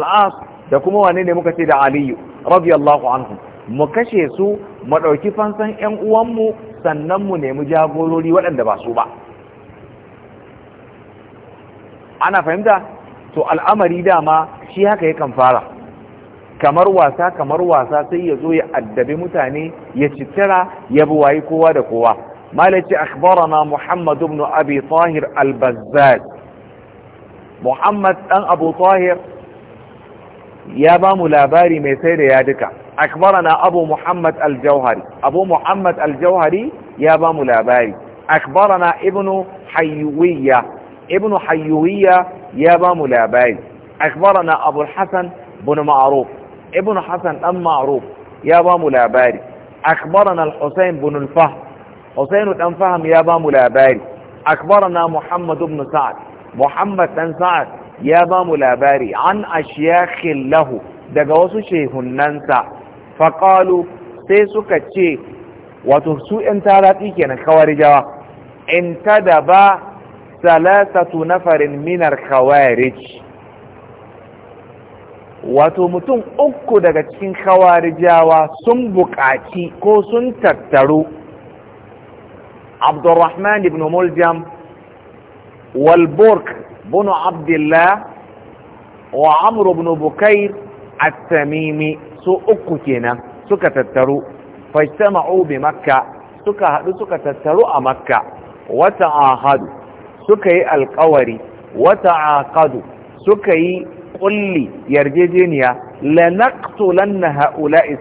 da kuma wane ne muka ce da aliyu radiyallahu anhu mu kashe su mu ɗauki fansan 'yan uwanmu sannan mu nemi jagorori waɗanda ba su ba ana fahimta to al'amari dama shi haka yakan fara kamar wasa kamar wasa sai ya zo ya addabi mutane ya cittara ya buwayi kowa da kowa malaci akhbarana muhammad ibn abi tahir al-bazzaz muhammad dan abu tahir ya ba mu labari mai sai da ya duka أخبرنا أبو محمد الجوهري أبو محمد الجوهري يا بام لاباري أخبرنا ابن حيوية ابن حيوية يا بام لاباري أخبرنا أبو الحسن بن معروف ابن حسن أم معروف يا بام لاباري أخبرنا الحسين بن الفهم حسين بن فهم يا بام لاباري أخبرنا محمد بن سعد محمد بن سعد يا بام لاباري عن أشياخ له دقوس شيخ ننسى faƙalu sai suka ce wato su ‘yan taratsi kenan kawari jawa in ta da ba salasatu nafarin minar kawarij wato mutum uku daga cikin kawarijawa sun buƙaci ko sun tattaru abdurrahman ibn muljam والبرك بن عبد الله وعمرو بن بكير التميمي su uku kenan suka tattaru fajtama'u bi makka suka haɗu suka tattaru a makka wata ahadu suka yi alkawari wata aqadu suka yi ƙulli yarjejeniya la naqtulanna haula'i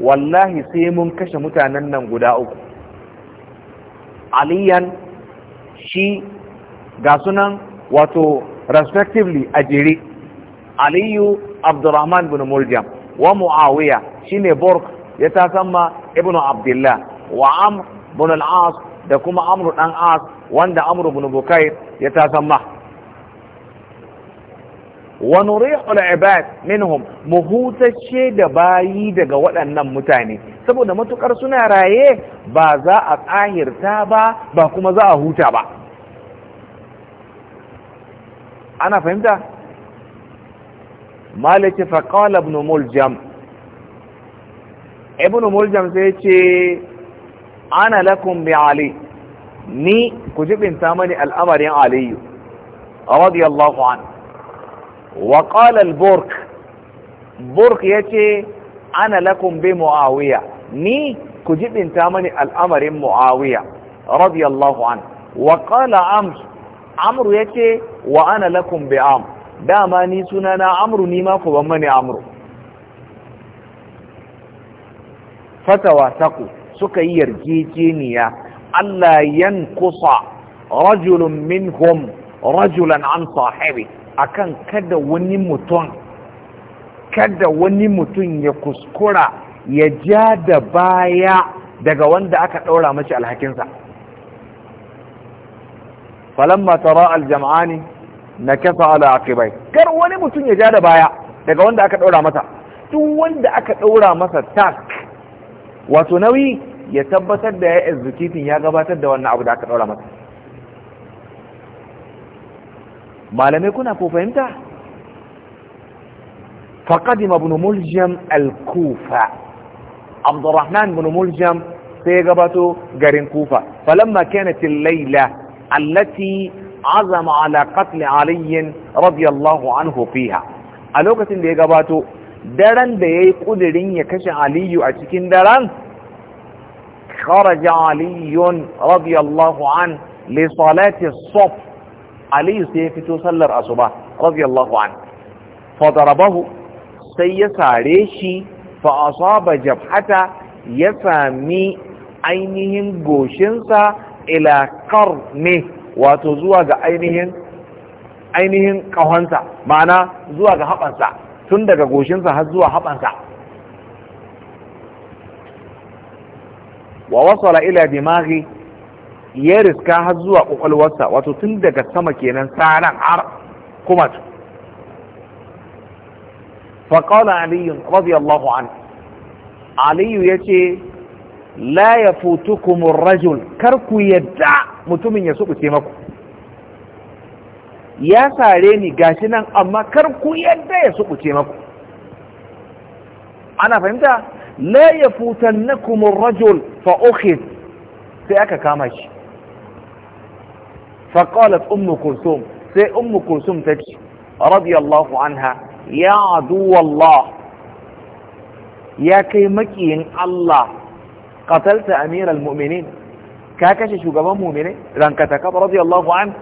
wallahi sai mun kashe mutanen nan guda uku aliyan shi ga sunan wato respectively a jere aliyu abdurrahman bin muljam wa muawiya shine burk ya tasamma ibnu abdullah wa amr ibn al-as da kuma amru dan as wanda amru ibn bukair ya tasamma wa nurihul ibad minhum muhutacce da bayi daga waɗannan mutane saboda matukar suna raye ba za a tsahirta ba ba kuma za a huta ba ana fahimta مالك فقال ابن ملجم ابن ملجم سيتي انا لكم بعلي ني كجب انتامني الامر يا علي رضي الله عنه وقال البرك برك يتي انا لكم بمعاوية ني كجب انتامني الامر معاوية رضي الله عنه وقال عمرو عمرو يتي وانا لكم بعمرو dama ni suna na amru ni ma ku mani amru fatawa taku suka yi yarjejeniya Allah yan kusa rajulun minhum rajulan an sahibi akan kada wani mutum kada wani mutum ya kuskura ya ja da baya daga wanda aka ɗaura mashi alhakinsa falamma tara aljam'ani na kasa ala aqibai kar wani mutum ya ja da baya daga wanda aka ɗaura masa duk wanda aka ɗaura masa tak, wato nauyi ya tabbatar da ya executing ya gabatar da wannan abu da aka ɗaura masa malamai kuna ko fahimta faqadima ibn muljam al-kufa abdurrahman ibn muljam sai ya gabato garin kufa falamma kanat al-layla allati azama ala qatl ali radiyallahu anhu fiha a lokacin da ya gabato daren da yayi kudirin ya kashe aliyu a cikin daren kharaja aliyun radiyallahu an li salati as-subh ali sai fito sallar asuba radiyallahu an darabahu, sai ya sare shi fa asaba jabhata ya sami ainihin goshinsa ila karne wato zuwa ga ainihin ainihin kahonsa ma'ana zuwa ga haɓansa tun daga goshinsa har zuwa haɓansa wa wasala ila dimaghi ya riska har zuwa ƙwaƙwalwarsa wato tun daga sama kenan tsaran har kuma faƙaula aliyu radiyallahu an aliyu ya ce la ya futukumur rajul kar ku yadda mutumin ya suɓuce maku ya sare ni gashi nan amma kar ku yadda ya suɓuce maku ana fahimta la ya futannakumur rajul fa sai aka kama shi faƙalat qalat ummu sai ummu kulsum ta ce radiyallahu anha ya aduwallah ya kai maƙiyin Allah قتلت أمير المؤمنين كاكش شجبا مؤمنين لأن كتكب رضي الله عنه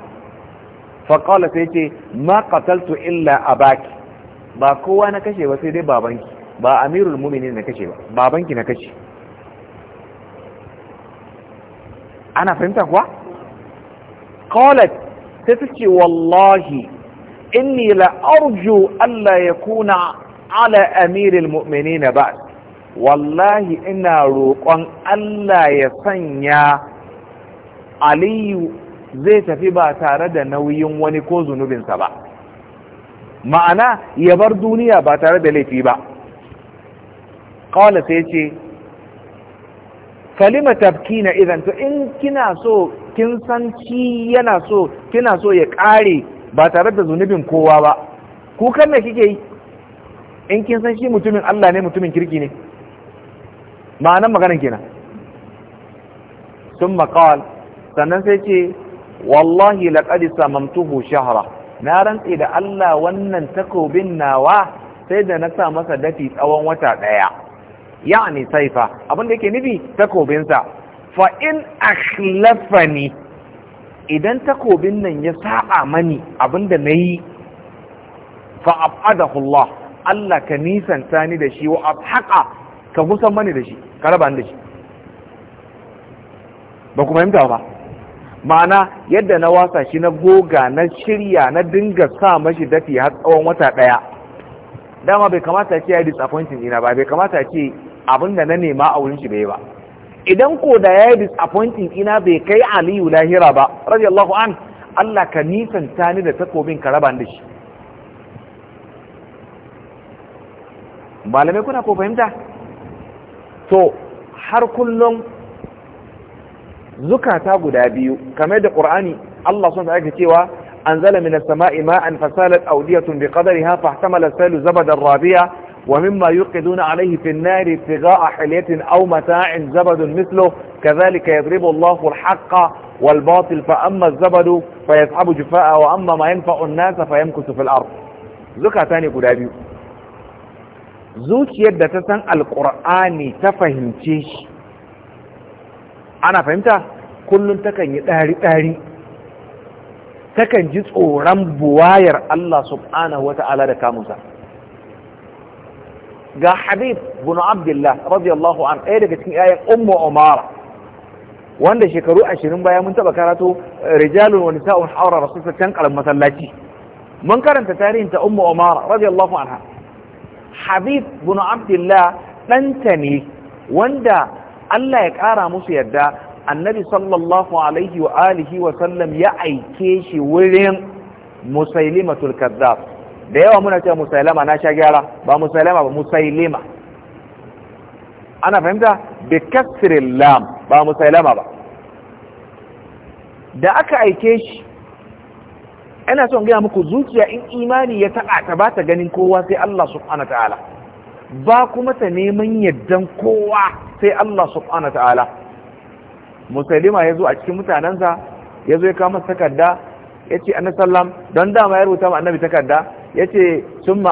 فقال سيدي ما قتلت إلا أباك با قوة نكشي وسيدي بابنك با أمير المؤمنين نكشي بابنك نكشي أنا فهمت أخوة قالت تتكي والله إني لأرجو أن لا يكون على أمير المؤمنين بعد wallahi ina roƙon Allah ya sanya aliyu zai tafi ba tare da nauyin wani ko zunubinsa ba ma'ana ya bar duniya ba tare da laifi ba ƙawala sai ce kalima tafki idan to in kina so kin san ci yana so kina so ya ƙare ba tare da zunubin kowa ba kukan da kike yi in kin san shi mutumin Allah ne mutumin kirki ne ma'anan maganan kenan sun maƙal sannan sai ce wallahi laƙadi samamtuhu shahara na rantse da Allah wannan takobin nawa sai da na sa masa dafi tsawon wata ɗaya ya'ani saifa abinda yake nufi takobinsa fa in akhlafani idan takobin nan ya sa'a mani abinda na yi fa abadahu Allah Allah ka nisanta ni da shi wa abhaqa ka gusan mani da shi ka raba da shi ba kuma yin ba ma'ana yadda na wasa shi na goga na shirya na dinga sa mashi dafi har tsawon wata ɗaya dama bai kamata ce ya disappointin ina ba bai kamata ce abinda na nema a wurin shi bai ba idan ko da ya yi disappointin ina bai kai aliyu lahira ba radiyallahu an Allah ka nisanta ni da takobin ka raba da shi malamai kuna ko fahimta to har kullum zukata guda biyu kamar da ƙur'ani Allah sun ta'aika cewa an zala min samai ma'an fasalat awdiyatun bi qadariha fahtamala salu sailu zabadan rabiya wa mimma yuqiduna alayhi fi an nari tigha'a hilyatin aw mata'in zabadun mithlu kadhalika yadribu Allahu al-haqqa wal-batil fa amma az-zabadu fayas'abu فأما wa amma ma yanfa'u an-nasa fayamkutu fil في الأرض ne guda biyu zuciyar da ta san alƙur'ani ta fahimce shi ana fahimta kullum takan yi ɗari-ɗari takan ji tsoron buwayar Allah subhanahu wa ta'ala da kamusa ga habib bin abdullah radiyallahu an ɗaya daga cikin yayin umma umara wanda shekaru ashirin baya mun taɓa karatu rijalun wani sa'un haura rasulsa can masallaci mun karanta tarihin ta umma umara radiyallahu anha habib bin abdullah ɗanta ne wanda Allah ya ƙara musu yadda. annabi sallallahu alaihi wa alihi wa sallam ya aike shi wurin musailimatul kazzab da yawa muna cewa musailama na sha gyara ba musailama ba musailima ana fahimta bi kasril lam ba musailama ba da aka aike shi ina son gaya muku zuciya in imani ya taɓa ta ba ta ganin kowa sai Allah subhanahu ta'ala ba kuma ta neman yaddan kowa sai Allah subhanahu ta'ala ya zo a cikin mutanensa ya zo ya kama takarda ya ce annabi sallam don dama ya rubuta ma annabi takarda yace ce sun ba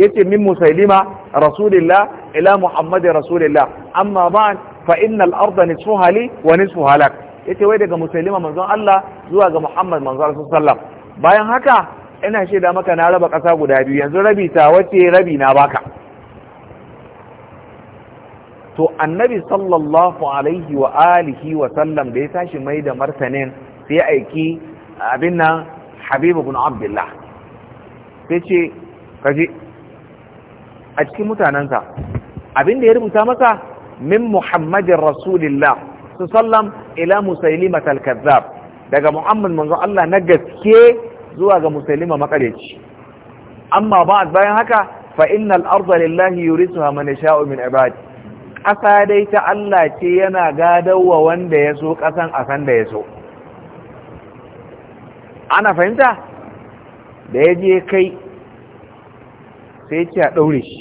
yace min musalima rasulillah ila muhammadin rasulillah amma ba fa innal arda nisfuha li wa nisfuha lak yace wai daga musulma manzon Allah zuwa ga Muhammad manzon sallam bayan haka ina shaida maka na raba ƙasa guda biyu yanzu rabi ta wace rabi na baka to annabi sallallahu alaihi wa alihi wa sallam da ya tashi mai da martanin sai aiki abin nan habibu bin abdullah sai ce kaje a cikin mutanensa abin da ya rubuta masa min muhammadin rasulillah su sallam ila musailima talkazzab daga muhammad manzon Allah na gaske zuwa ga musailima makareci amma ba bayan haka fa innal arda lillahi yurisuha man yasha'u min ibadi ƙasa dai ta Allah ce yana gadawwa wanda ya so ƙasan a san da ya so ana fahimta da ya je kai sai ce a ɗaure shi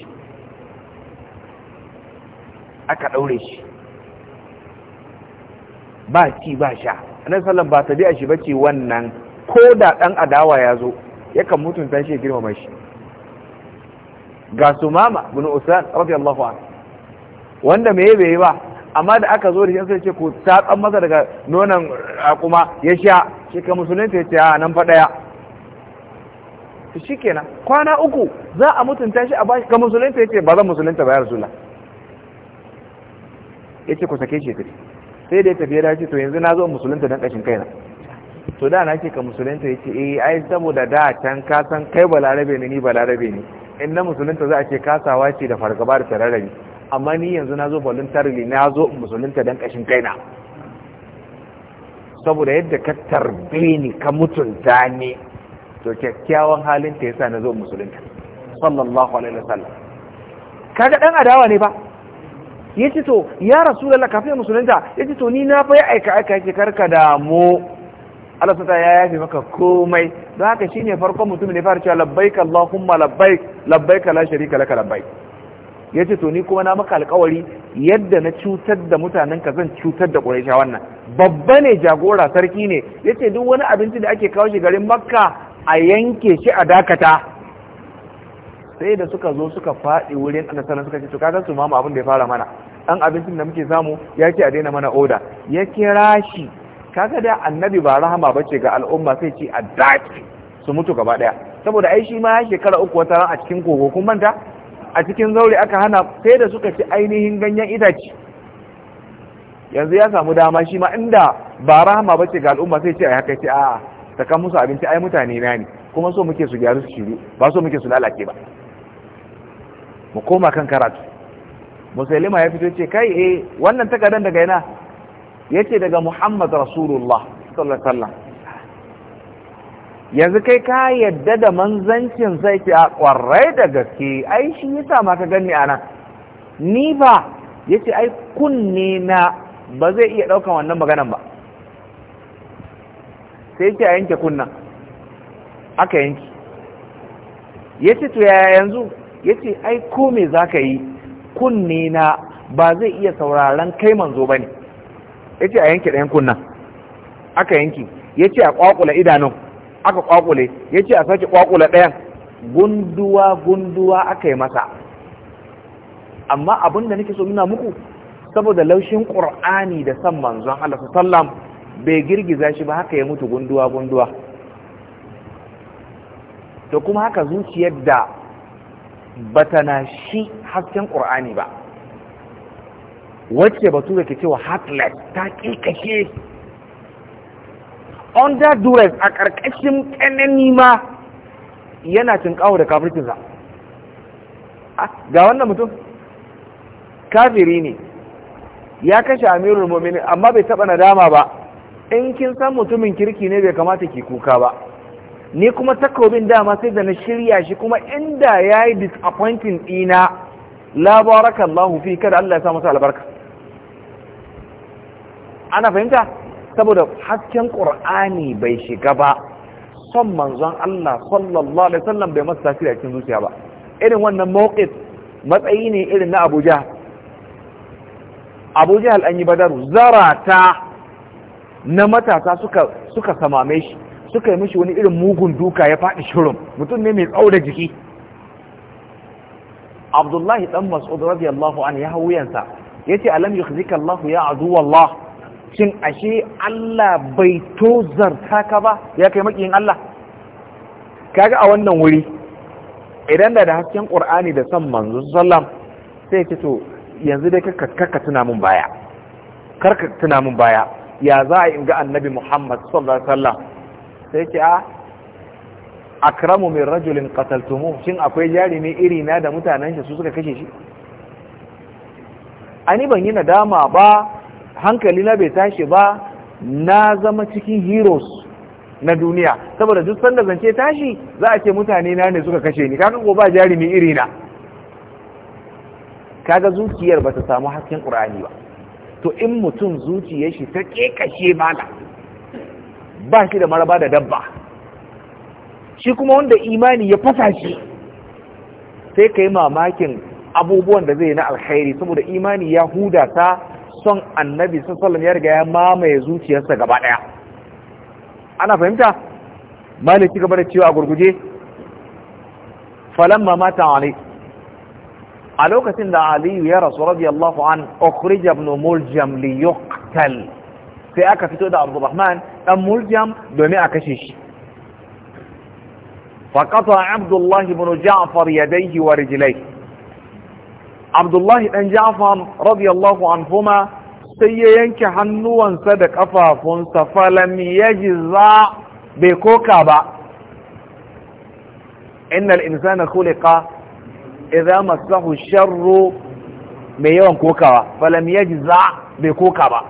aka ɗaure shi ba ci ba sha annabi sallan ba ta a shi bace wannan ko da dan adawa ya zo yakan mutunta shi girmama shi ga su mama bin usman radiyallahu anhu wanda me bai ba amma da aka zo da shi sai ce ta kan masa daga nonon kuma ya sha shi ka musulunta ya ce a nan fa daya shi shikenan kwana uku za a mutunta shi a bashi ka musulunta ya ce ba zan musulunta ta ya rasulullah ya ce ku sake shi ya sai da ya tafi da shi, to yanzu na zo musulunta don ƙashin kaina to da na ce ka musulunta ya ce eh ai saboda da can ka san kai balarabe ne ni balarabe ne in na musulunta za a ce kasawa ce da fargaba da tararrabi amma ni yanzu na zo voluntarily na zo musulunta don ƙashin kaina saboda yadda ka tarbe ni ka mutunta ne, to kyakkyawan halin ta yasa na zo musulunta sallallahu alaihi wasallam kaga dan adawa ne ba ya ce to ya rasu lalla kafin musulunta ya ce to ni na fa aika aika yake karka damu Allah ya yafe maka komai don haka shi ne farkon mutum ne fara cewa labbaika Allahumma labbaik labbaika la sharika laka labbaik ya ce to ni kuma na maka alkawari yadda na cutar da mutanen ka zan cutar da ƙuraisha wannan babba ne jagora sarki ne ya ce duk wani abinci da ake kawo shi garin makka a yanke shi a dakata sai da suka zo suka faɗi wurin annabi sallallahu suka ce to kaga su mamu abin da ya fara mana dan abincin da muke samu ya ce a daina mana oda ya kira shi kaga da annabi ba rahama bace ga al'umma sai ce a dace su mutu gaba daya saboda ai shi ma ya shekara uku wata ran a cikin kogo kun manta a cikin zaure aka hana sai da suka ci ainihin ganyen itace yanzu ya samu dama shi ma inda ba rahama bace ga al'umma sai ce ai haka ce a'a ta kan musu abinci ai mutane na ne kuma so muke su gyaru su shiru ba so muke su lalace ba mu koma kan karatu musulima ya fito ce kai eh wannan takardar daga yana yace daga Muhammad Rasulullah sallallahu alaihi wasallam yanzu kai ka yadda da manzancin sai ki a kwarai da gaske ai shi yasa ma ka ganni anan ni ba yace ai kunne na ba zai iya daukan wannan maganan ba sai ki a yanke kunnan aka yanki yace to yaya yanzu ya ce ai ko me za ka yi kunne na ba zai iya sauraron kai manzo ba ne ya ce a yanke ɗayan kunnan aka yanki ya ce a ƙwaƙula idanun aka ƙwaƙule ya ce a sake ƙwaƙula ɗayan gunduwa gunduwa aka yi masa amma abin da nake so nuna muku saboda laushin ƙur'ani da san manzon Allah sallam bai girgiza shi ba haka ya mutu gunduwa gunduwa to kuma haka zuciyar da bata na shi hasken ƙur'ani ba wacce batu da ke cewa heartless ta ƙiƙashe under duress a ƙarƙashin ƙanani ma yana cinkawo da kafircinsa ah, ga wannan mutum kafiri ne ya kashe amirul mu'minin amma bai taɓa nadama ba in kin san mutumin kirki ne bai kamata ke kuka ba ni kuma takobin dama sai da na shirya shi kuma inda ya yi disappointing ɗina labaraka Allah fi kada Allah ya sa masa albarka ana fahimta saboda hasken ƙur'ani bai shiga ba son manzon Allah sallallahu alaihi wasallam bai masu tasiri a cikin zuciya ba irin wannan mawqif matsayi ne irin na Abuja, Abuja al'anyi an yi badaru zarata na matasa suka samame shi suka yi mishi wani irin mugun duka ya faɗi shirin mutum ne mai tsaura jiki abdullahi dan mas'ud radiyallahu an ya hau ya ce alam yukhzika allah ya azu wallah shin ashe allah bai zarta ka ba ya kai makiyin allah kaga a wannan wuri idan da da hasken qur'ani da san manzo sallam sai ce to yanzu dai kakka tuna mun baya karka tuna mun baya ya za a yi ga annabi muhammad sallallahu alaihi wasallam sai ce a akramu min rajulin qataltumu shin akwai jarumi iri na da mutanen shi su suka kashe shi ani ban yi nadama ba hankali na bai tashi ba na zama cikin heroes na duniya saboda duk sanda zance tashi za a ce mutane na ne suka kashe ni kaga ko ba jarumi iri na kaga zuciyar ba ta samu hasken qur'ani ba to in mutum zuciyar shi ta kekashe mala ba shi da maraba da dabba shi kuma wanda imani ya fasa shi sai ka yi mamakin abubuwan da zai yi na alkhairi saboda imani ya huda ta son annabi sun ya riga ya mamaye zuciyarsa gaba ɗaya ana fahimta maliki gaba da cewa a gurguje falamma mata alai a lokacin da aliyu ya rasu radiyallahu an ukhrija ibn muljam li yuqtal sai aka fito da abdurrahman dan muljam domin a kashe shi faqata abdullah ibn ja'far yadayhi wa rijlayhi abdullah dan ja'far radiyallahu anhuma sai ya yanke hannuwansa da kafafunsa falam yajza bai koka ba innal insana khuliqa idza massahu sharru mai yawan kokawa falam yajza bai koka ba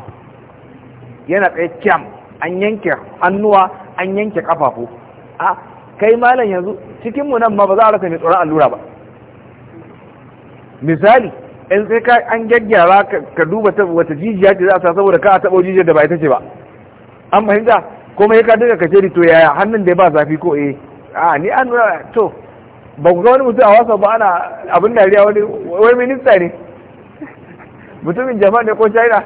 yana tsaye kyam an yanke hannuwa an yanke kafafu a kai malam yanzu cikin mu nan ma ba za a rasa mai tsoron allura ba misali in sai ka an gaggyara ka duba ta wata jijiya ce za a sa saboda ka a taɓa jijiyar da ba ita ce ba an fahimta ko mai ka daga kace to yaya hannun da ba zafi ko eh a ni an nuna to ba ku ga wani mutum a wasa ba ana abin dariya wani wai minista ne mutumin jama'a ne ko china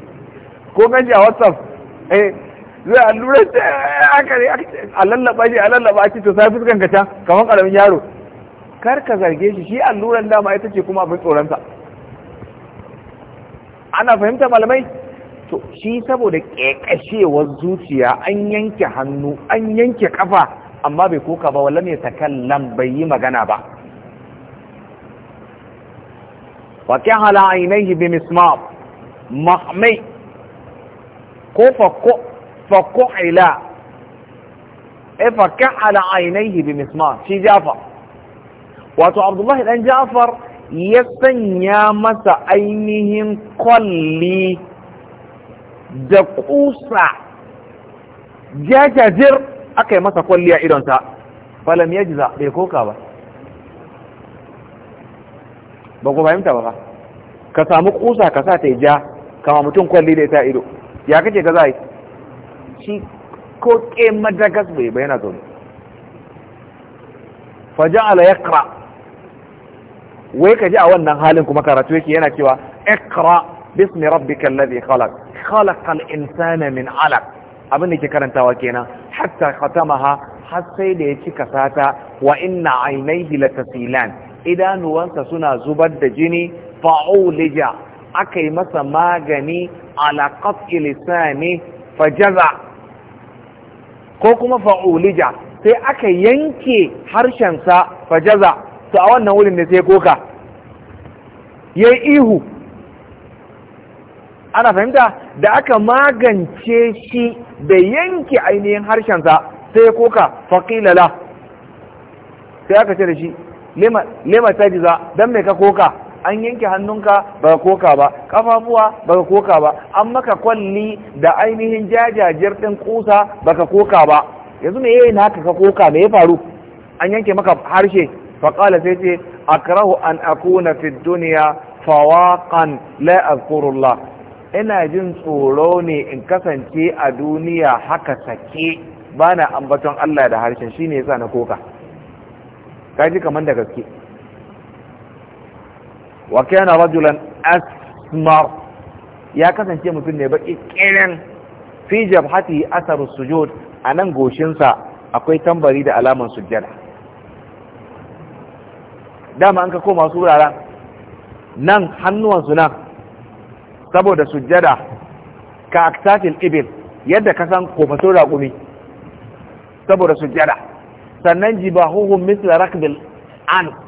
ko kanji a whatsapp Eh, zai allura ta a lallaba shi a lallaba shi to sai fuskan kamar karamin yaro kar ka zarge shi shi alluran dama ita ce kuma abin tsoronsa ana fahimta malamai to shi saboda kekashewar zuciya an yanke hannu an yanke kafa amma bai koka ba wallan ya takallam bai yi magana ba wa kahala ainihi bi mismar mahmai ko ila e ala ainihi bi mismar shi jafar wato abdullahi dan jafar ya sanya masa ainihin kwalli da kusa jajajir aka yi masa kwalli a idonta falam ya jiza bai koka ba ba ku fahimta ba ka samu kusa ka sa ta ja kama mutum kwalli da ta ido ya kace ka za yi shi ko ke madagas bai bai yana zaune faja'ala yaqra wai kaji a wannan halin kuma karatu yake yana cewa iqra bismi rabbikal ladhi khalaq khalaqal insana min 'alaq abin da ke karantawa kenan hatta khatamaha har sai da ya cika sata wa inna aynayhi latasilan idanuwansa suna zubar da jini fa'ulija aka yi masa magani ala qat'i lisani fajaza ko kuma fa'ulija sai aka yanke harshensa fajaza to a wannan wurin ne sai koka ya ihu ana fahimta da aka magance shi da yanke ainihin harshensa sai koka fakilala sai aka ce da shi lema jiza don mai ka koka an yanke hannunka baka koka ba kafafuwa baka koka ba an maka kwalli da ainihin jajajir din kusa baka koka ba yanzu me yayin haka ka koka me ya faru an yanke maka harshe fa qala sai ce akrahu an akuna fi dunya fawaqan la azkurullah ina jin tsoro ne in kasance a duniya haka sake bana ambaton Allah da harshen shine yasa na koka kaji kaman da gaske wa kana rajulan asmar ya kasance mutum ne baki kiran fi jabhati atharu sujud anan goshinsa akwai tambari da alaman sujjada dama an ka koma su wuraren nan hannuwansu nan saboda sujjada ka aktatil ibil yadda ka san kofasun raƙumi saboda sujjada sannan jibahuhun misla rakbil an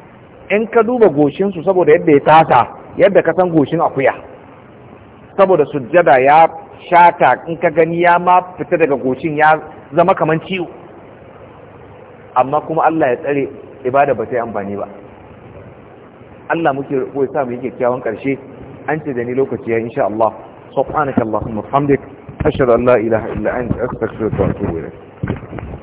in ka duba goshinsu saboda yadda ya tasa yadda ka san goshin akuya saboda sujjada ya shata in ka gani ya ma fita daga goshin ya zama kaman ciwo amma kuma Allah ya tsare ibada ba ta yi amfani ba Allah muke roƙo ya sa mu yi kyakkyawan ƙarshe an ce da ni lokaci ya insha Allah subhanaka allahumma hamdik ashhadu an la ilaha illa anta astaghfiruka wa atubu ilayk